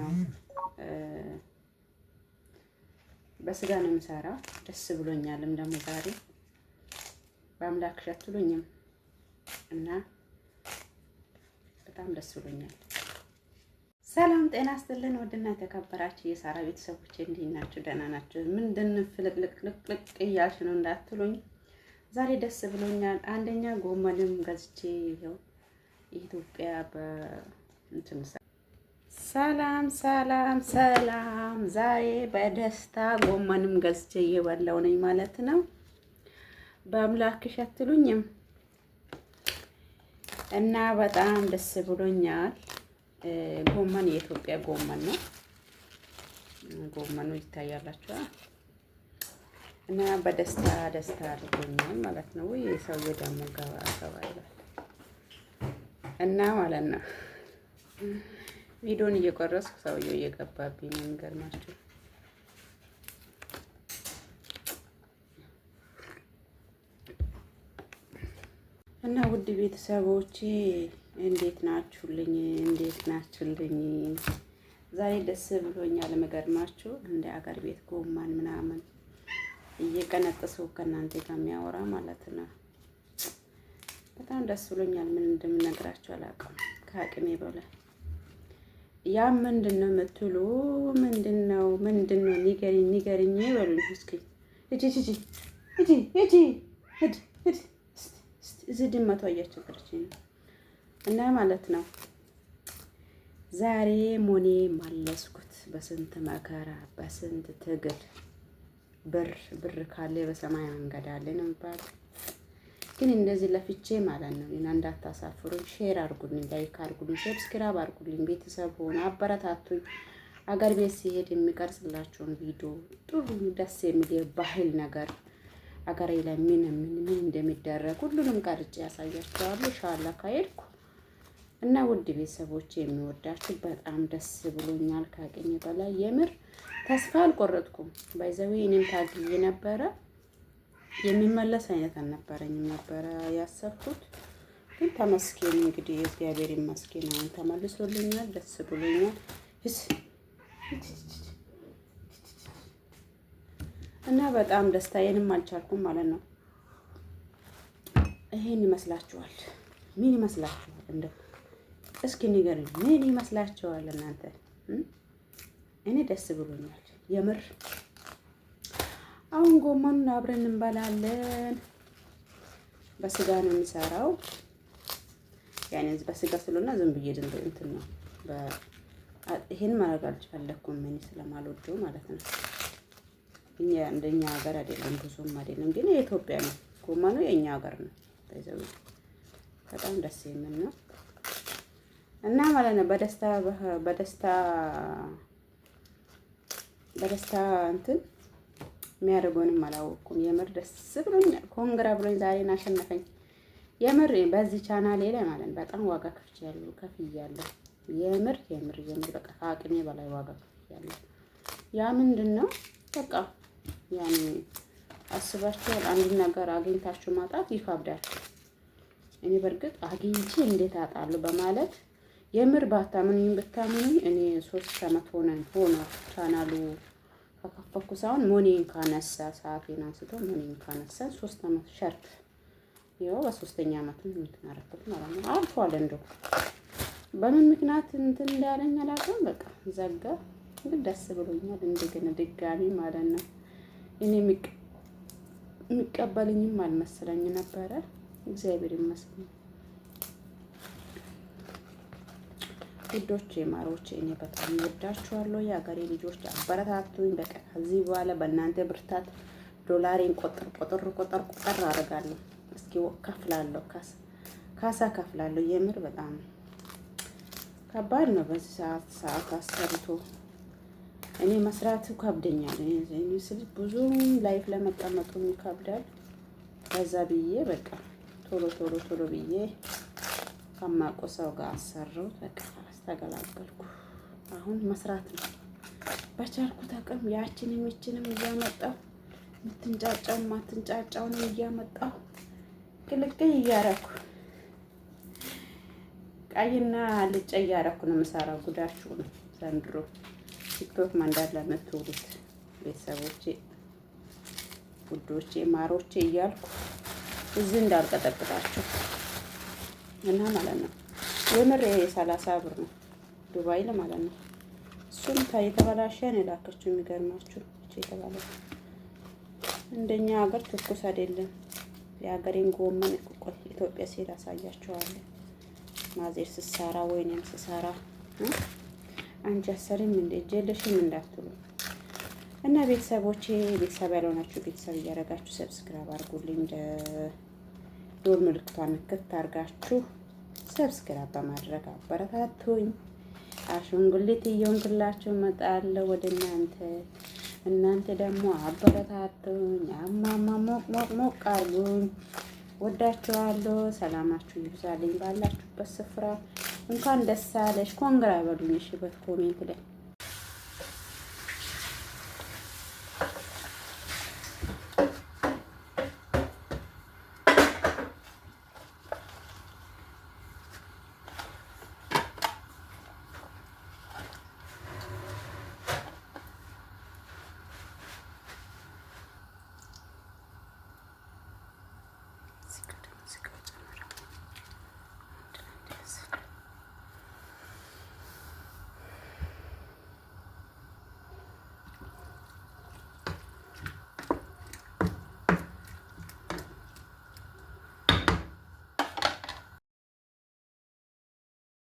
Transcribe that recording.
ነው። በስጋ ነው የምሰራው። ደስ ብሎኛልም ደግሞ ዛሬ በአምላክሽ አትሉኝም እና በጣም ደስ ብሎኛል። ሰላም ጤና ስትልን ውድና የተከበራችሁ የሳራ ቤተሰቦች እንዴት ናችሁ? ደህና ናችሁ? ምንድን ፍልቅልቅልቅልቅ እያልሽ ነው እንዳትሉኝ። ዛሬ ደስ ብሎኛል። አንደኛ ጎመንም ገዝቼ ይኸው ኢትዮጵያ በእንትን ሰላም ሰላም ሰላም። ዛሬ በደስታ ጎመንም ገዝቼ እየበላው ነኝ ማለት ነው። በአምላክሽ አትሉኝም እና በጣም ደስ ብሎኛል። ጎመን የኢትዮጵያ ጎመን ነው። ጎመኑ ይታያላችሁ እና በደስታ ደስታ አድርጎኛል ማለት ነው። ይህ ሰውዬ ደግሞ ገባ ገባ ይላል እና ማለት ነው ቪዲዮን እየቀረስኩ ሰውየው እየገባብኝ ነው የሚገርማችሁ። እና ውድ ቤተሰቦቼ እንዴት ናችሁልኝ? እንዴት ናችሁልኝ? ዛሬ ደስ ብሎኛል። የምገርማችሁ እንደ አገር ቤት ጎማን ምናምን እየቀነጠሰው ከእናንተ ጋር የሚያወራ ማለት ነው። በጣም ደስ ብሎኛል። ምን እንደምነግራችሁ አላውቅም ከአቅሜ በላይ ያ ምንድን ነው የምትሉ ምንድን ነው ምንድን ነው ንገሪኝ ንገሪኝ በሉኝ እስኪ እጂ እጂ እጂ እጂ እጂ እጂ እዚህ ድመቷ እያስቸገረች እና ማለት ነው ዛሬ ሞኔ ማለስኩት በስንት መከራ በስንት ትግል ብር ብር ካለ በሰማይ መንገድ አለ ነው የሚባለው ግን እንደዚህ ለፍቼ ማለት ነው። ና እንዳታሳፍሩኝ፣ ሼር አርጉልኝ፣ ላይክ አርጉልኝ፣ ሰብስክራይብ አርጉልኝ። ቤተሰብ ሆነ አበረታቱኝ። አገር ቤት ሲሄድ የሚቀርጽላቸውን ቪዲዮ ጥሩ ደስ የሚል የባህል ነገር አገር ላይ ምን ምን ምን እንደሚደረግ ሁሉንም ቀርጬ ያሳያቸዋሉ። ሻላ ካሄድኩ እና ውድ ቤተሰቦች የሚወዳችሁ በጣም ደስ ብሎኛል። ካገኘ በላይ የምር ተስፋ አልቆረጥኩም። ባይዘዌ እኔም ታግዬ ነበረ የሚመለስ አይነት አልነበረኝም ነበረ ያሰብኩት። ግን ተመስገን እንግዲህ እግዚአብሔር ይመስገን፣ አሁን ተመልሶልኛል። ደስ ብሎኛል እና በጣም ደስታዬንም አልቻልኩም ማለት ነው። ይሄን ይመስላችኋል? ምን ይመስላችኋል? እንደው እስኪ ንገሩኝ፣ ምን ይመስላችኋል እናንተ? እኔ ደስ ብሎኛል የምር አሁን ጎመኑን አብረን እንበላለን። በስጋ ነው የሚሰራው። ያኔ በስጋ ስለሆነ ዝም ብዬ ድንብ እንትን ነው ይሄን ማድረግ አልፈለኩም። ምን ስለማልወደው ማለት ነው። እኛ እንደኛ ሀገር አይደለም ብዙም አይደለም፣ ግን የኢትዮጵያ ነው ጎመኑ የኛ ሀገር ነው። በዛው በጣም ደስ የሚል ነው እና ማለት ነው በደስታ በደስታ በደስታ እንትን የሚያደርገውንም አላወቅኩም። የምር ደስ ብሎኛል። ኮንግራ ብሎኝ ዛሬን አሸነፈኝ። የምር በዚህ ቻናሌ ላይ ማለት በጣም ዋጋ ከፍያለሁ ከፍያለሁ። የምር የምር የምር በቃ ከአቅሜ በላይ ዋጋ ከፍያለሁ። ያ ምንድን ነው በቃ ያኔ አስባችኋል። አንድ ነገር አግኝታችሁ ማጣት ይከብዳችሁ። እኔ በእርግጥ አግኝቼ እንዴት አጣለሁ በማለት የምር ባታምኑኝ ብታምኑኝ እኔ ሶስት አመት ሆነ ሆነ ቻናሉ ከከፈኩ ሳይሆን ሞኔን ካነሳ ሰዓቴን አንስቶ ሞኔን ካነሳ ሶስት አመት ሸርት ይኸው በሶስተኛ አመት እንትን አደረኩት ማለት ነው። አልፏል። እንደው በምን ምክንያት እንትን እንዳለኝ አላውቅም። በቃ ዘጋ። ግን ደስ ብሎኛል። እንደገና ድጋሚ ማለት ነው እኔ የሚቀበልኝም አልመሰለኝ ነበረ። እግዚአብሔር ይመስገን። ውዶች የማሮች እኔ በጣም ወዳችኋለሁ። የሀገሬ ልጆች አበረታቱኝ። በቃ ከዚህ በኋላ በእናንተ ብርታት ዶላሬን ቆጥር ቆጥር ቆጥር ቆጥር አደርጋለሁ። እስኪ ከፍላለሁ፣ ካሳ ከፍላለሁ። የምር በጣም ከባድ ነው። በዚህ ሰዓት ሰዓት አሰርቶ እኔ መስራቱ ከብደኛል። ስል ብዙም ላይፍ ለመቀመጡ ይከብዳል። ከዛ ብዬ በቃ ቶሎ ቶሎ ቶሎ ብዬ ከማቆ ሰው ጋር አሰሩት። በቃ አስተገላገልኩ። አሁን መስራት ነው። በቻልኩት አቅም ያችንም ይችንም እያመጣሁ የምትንጫጫውን ማትንጫጫውንም እያመጣሁ ቅልቅል እያረኩ ቀይና ልጭ እያረኩ ነው የምሰራው። ጉዳችሁ ነው ዘንድሮ ቲክቶክ መንዳት ለምትውሉት ቤተሰቦቼ፣ ውዶቼ፣ ማሮቼ እያልኩ እዚህ እንዳልቀጠቅጣችሁ እና ማለት ነው የምር የሰላሳ ብር ነው ዱባይ ለማለት ነው። እሱም የተበላሸ ነው የላከችው። የሚገርማችሁ እቺ የተባለች እንደኛ ሀገር ትኩስ አይደለም። የሀገሬን ጎመን ቆይ ኢትዮጵያ ሲሄድ አሳያቸዋለሁ። ማዜር ስሰራ ወይኔም ስሰራ አንቺ አሰሪም እንደ እጅ የለሽም እንዳትሉ እና ቤተሰቦቼ፣ ቤተሰብ ያልሆናችሁ ቤተሰብ እያደረጋችሁ ሰብስክራይብ አድርጉልኝ። ዶል ምልክቷን ክት አድርጋችሁ ሰብስክራይብ በማድረግ አበረታቱኝ። አሽንጉሊት እየሆንኩላችሁ መጣለሁ ወደ እናንተ። እናንተ ደግሞ አበረታቱኝ፣ አሟሟ ሞቅ ሞቅ አድርጉኝ። ወዳችኋለሁ። ሰላማችሁ ይብዛልኝ ባላችሁበት ስፍራ። እንኳን ደስ አለሽ ኮንግራ በሉኝ። እሺ በት ላይ